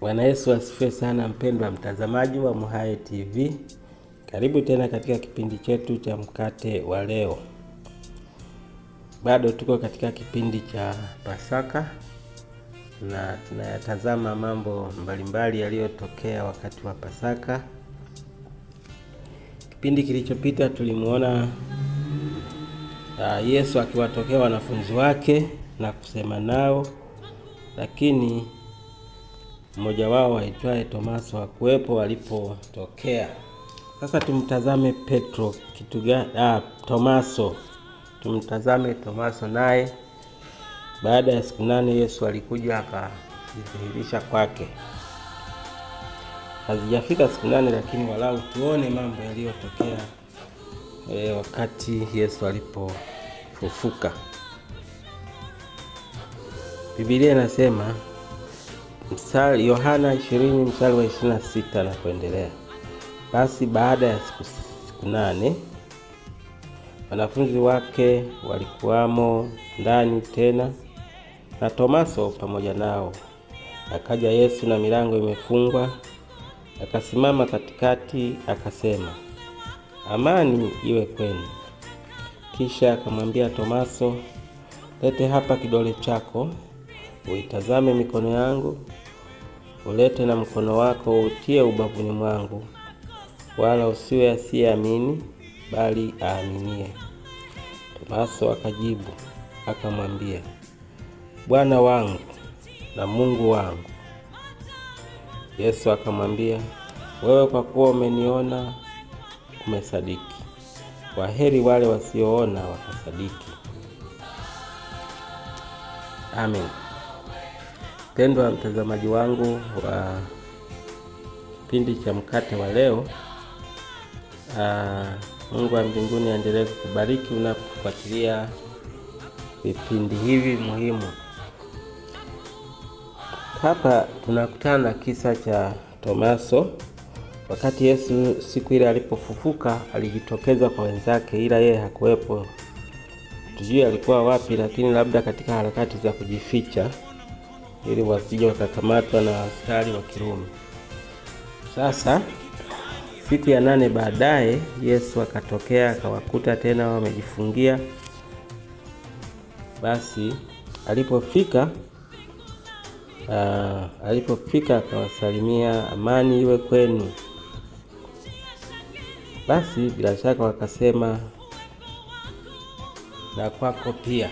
Bwana Yesu asifiwe sana, mpendwa mtazamaji wa MHAE TV, karibu tena katika kipindi chetu cha mkate wa leo. Bado tuko katika kipindi cha Pasaka na tunayatazama mambo mbalimbali yaliyotokea wakati wa Pasaka. Kipindi kilichopita tulimwona uh, Yesu akiwatokea wanafunzi wake na kusema nao, lakini mmoja wao aitwaye Tomaso hakuwepo alipotokea. Sasa tumtazame Petro kitu gani? Ah, Tomaso. Tumtazame Tomaso naye baada ya siku nane Yesu alikuja akajidhihirisha kwake. Hazijafika siku nane, lakini walau tuone mambo yaliyotokea e, wakati Yesu alipofufuka. Biblia inasema mstari Yohana 20 mstari wa 26 na kuendelea. Basi baada ya siku, siku nane wanafunzi wake walikuwamo ndani tena na Tomaso pamoja nao. Akaja Yesu na milango imefungwa, akasimama katikati, akasema, amani iwe kwenu. Kisha akamwambia Tomaso, lete hapa kidole chako uitazame mikono yangu, ulete na mkono wako utie ubavuni mwangu, wala usiwe asiyeamini, bali aaminie. Tomaso akajibu akamwambia, Bwana wangu na Mungu wangu. Yesu akamwambia, wewe kwa kuwa umeniona umesadiki. Waheri wale wasioona wakasadiki. Amen. Mpendwa mtazamaji wangu wa kipindi cha mkate wa leo, ah, Mungu wa mbinguni aendelee kukubariki unapofuatilia vipindi hivi muhimu. Hapa tunakutana na kisa cha Tomaso. Wakati Yesu siku ile alipofufuka alijitokeza kwa wenzake, ila yeye hakuwepo. tujui alikuwa wapi, lakini labda katika harakati za kujificha ili wasije wakakamatwa na askari wa Kirumi. Sasa siku ya nane baadaye Yesu akatokea akawakuta tena wamejifungia. Basi alipofika uh, alipofika akawasalimia, amani iwe kwenu. Basi bila shaka wakasema, na kwako pia.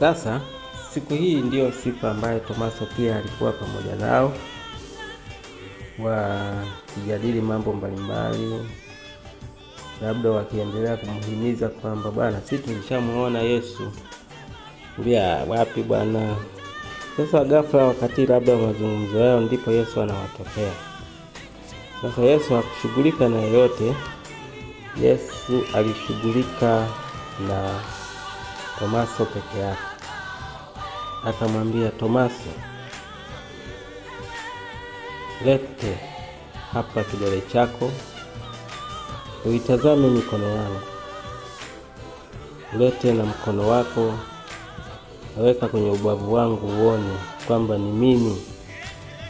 Sasa siku hii ndiyo siku ambayo Tomaso pia alikuwa pamoja nao wakijadili mambo mbalimbali, labda wakiendelea kumhimiza kwamba bwana, sisi tulishamuona Yesu ulia wapi bwana. Sasa ghafla, wakati labda mazungumzo yao, ndipo Yesu anawatokea. Sasa Yesu hakushughulika na yeyote, Yesu alishughulika na Tomaso peke yake akamwambia Tomaso, lete hapa kidole chako uitazame mikono yangu, lete na mkono wako aweka kwenye ubavu wangu, uone kwamba ni mimi.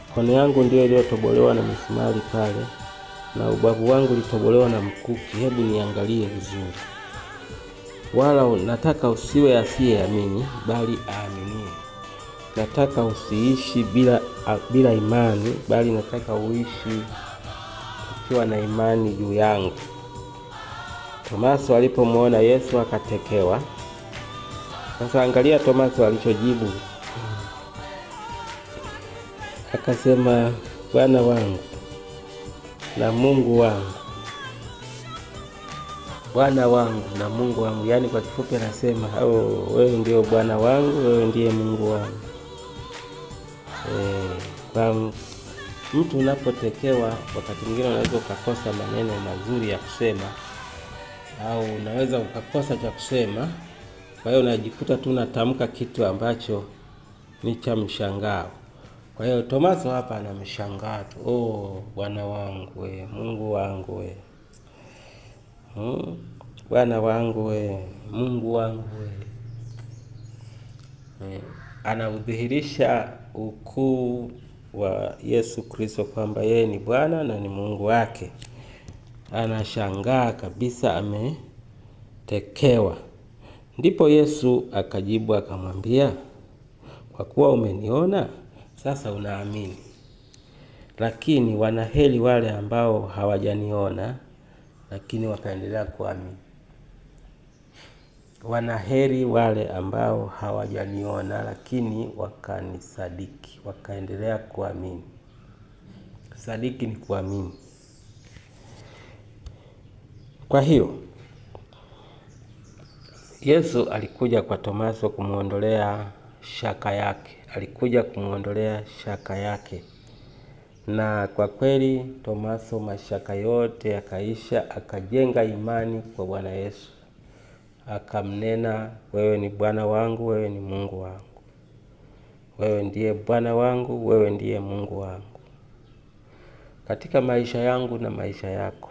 Mikono yangu ndiyo iliyotobolewa na misumari pale, na ubavu wangu ulitobolewa na mkuki. Hebu niangalie vizuri wala nataka usiwe asiyeamini, bali aaminie. Nataka usiishi bila, bila imani, bali nataka uishi ukiwa na imani juu yangu. Tomaso alipomwona Yesu akatekewa. Sasa angalia Tomaso alichojibu, akasema Bwana wangu na Mungu wangu. Bwana wangu na Mungu wangu, yaani kwa kifupi anasema oh, wewe ndio Bwana wangu, wewe ndiye Mungu wangu. E, kwa mtu unapotekewa, wakati mwingine unaweza ukakosa maneno mazuri ya kusema au unaweza ukakosa cha kusema, kwa hiyo unajikuta tu unatamka kitu ambacho ni cha mshangao. Kwa hiyo Tomaso hapa anamshangaa tu, oh, Bwana wangu we, Mungu wangu we mm. Bwana wangu we, Mungu wangu we mm. Anaudhihirisha ukuu wa Yesu Kristo kwamba yeye ni Bwana na ni Mungu wake. Anashangaa kabisa, ametekewa. Ndipo Yesu akajibu akamwambia, kwa kuwa umeniona sasa unaamini, lakini wanaheri wale ambao hawajaniona lakini wakaendelea kuamini. Wanaheri wale ambao hawajaniona lakini wakanisadiki, wakaendelea kuamini. Sadiki ni kuamini. Kwa hiyo Yesu alikuja kwa Tomaso kumwondolea shaka yake, alikuja kumwondolea shaka yake na kwa kweli Tomaso mashaka yote akaisha akajenga imani kwa Bwana Yesu, akamnena wewe ni Bwana wangu, wewe ni Mungu wangu, wewe ndiye Bwana wangu, wewe ndiye Mungu wangu. Katika maisha yangu na maisha yako,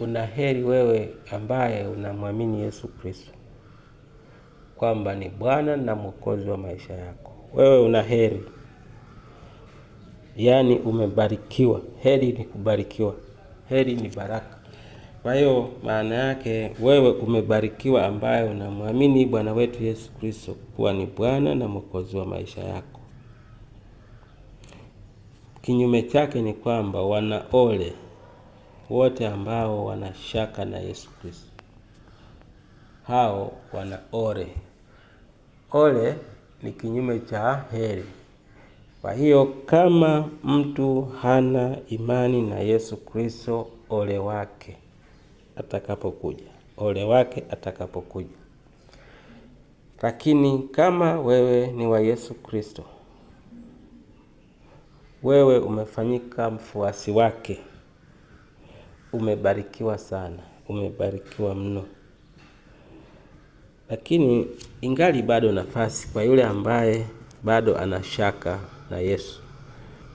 una heri wewe ambaye unamwamini Yesu Kristo kwamba ni Bwana na Mwokozi wa maisha yako. Wewe una heri yaani umebarikiwa. Heri ni kubarikiwa, heri ni baraka. Kwa hiyo maana yake wewe umebarikiwa, ambaye unamwamini Bwana wetu Yesu Kristo kuwa ni Bwana na Mwokozi wa maisha yako. Kinyume chake ni kwamba wanaole wote ambao wanashaka na Yesu Kristo, hao wana ole. Ole ni kinyume cha heri. Kwa hiyo kama mtu hana imani na Yesu Kristo, ole wake atakapokuja, ole wake atakapokuja. Lakini kama wewe ni wa Yesu Kristo, wewe umefanyika mfuasi wake, umebarikiwa sana, umebarikiwa mno. Lakini ingali bado nafasi kwa yule ambaye bado ana shaka na Yesu.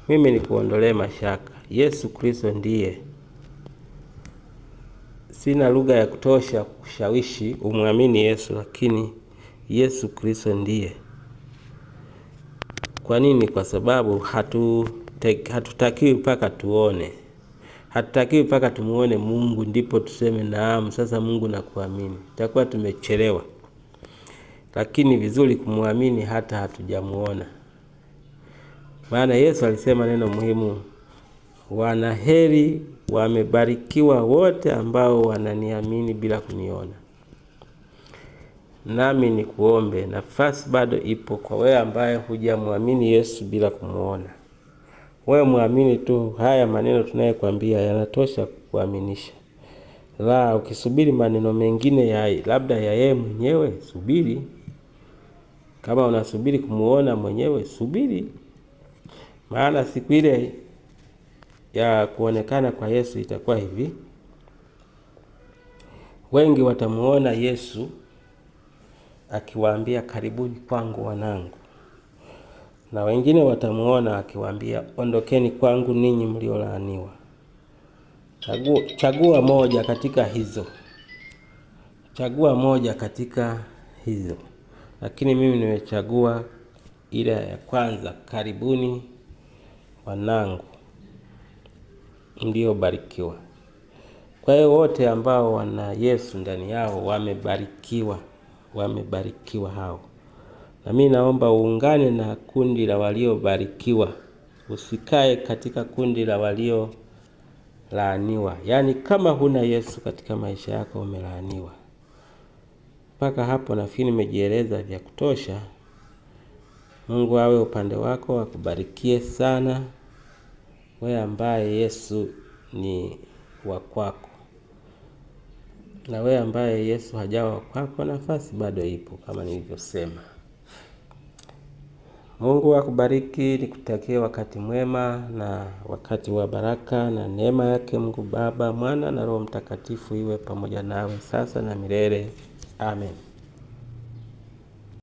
Mimi nikuondolee mashaka, Yesu Kristo ndiye. Sina lugha ya kutosha kushawishi umwamini Yesu, lakini Yesu Kristo ndiye. Kwa nini? Kwa sababu hatutakiwi mpaka tuone, hatutakiwi mpaka tumuone Mungu ndipo tuseme naam, sasa Mungu nakuamini. takuwa tumechelewa lakini vizuri kumwamini hata hatujamuona. Maana Yesu alisema neno muhimu, wanaheri wamebarikiwa wote ambao wananiamini bila kuniona. Nami nikuombe, nafasi bado ipo kwa wewe ambaye hujamwamini Yesu bila kumuona. Wewe mwamini tu, haya maneno tunayekwambia yanatosha kuaminisha La, ukisubiri maneno mengine ya labda ya yeye mwenyewe, subiri kama unasubiri kumuona mwenyewe, subiri, maana siku ile ya kuonekana kwa Yesu itakuwa hivi: wengi watamuona Yesu akiwaambia karibuni kwangu wanangu, na wengine watamuona akiwaambia ondokeni kwangu ninyi mliolaaniwa. Chagua, chagua moja katika hizo, chagua moja katika hizo lakini mimi nimechagua ile ya kwanza, karibuni wanangu mliobarikiwa. Kwa hiyo wote ambao wana Yesu ndani yao wamebarikiwa, wamebarikiwa hao. Na mimi naomba uungane na kundi la waliobarikiwa, usikae katika kundi la walio laaniwa. Yaani, kama huna Yesu katika maisha yako umelaaniwa. Mpaka hapo nafikiri nimejieleza vya kutosha. Mungu awe upande wako, akubarikie sana wewe ambaye Yesu ni wa kwako, na wewe ambaye Yesu hajawa wa kwako, nafasi bado ipo kama nilivyosema. Mungu akubariki, nikutakie wakati mwema na wakati wa baraka, na neema yake Mungu Baba, Mwana na Roho Mtakatifu iwe pamoja nawe sasa na milele. Amen.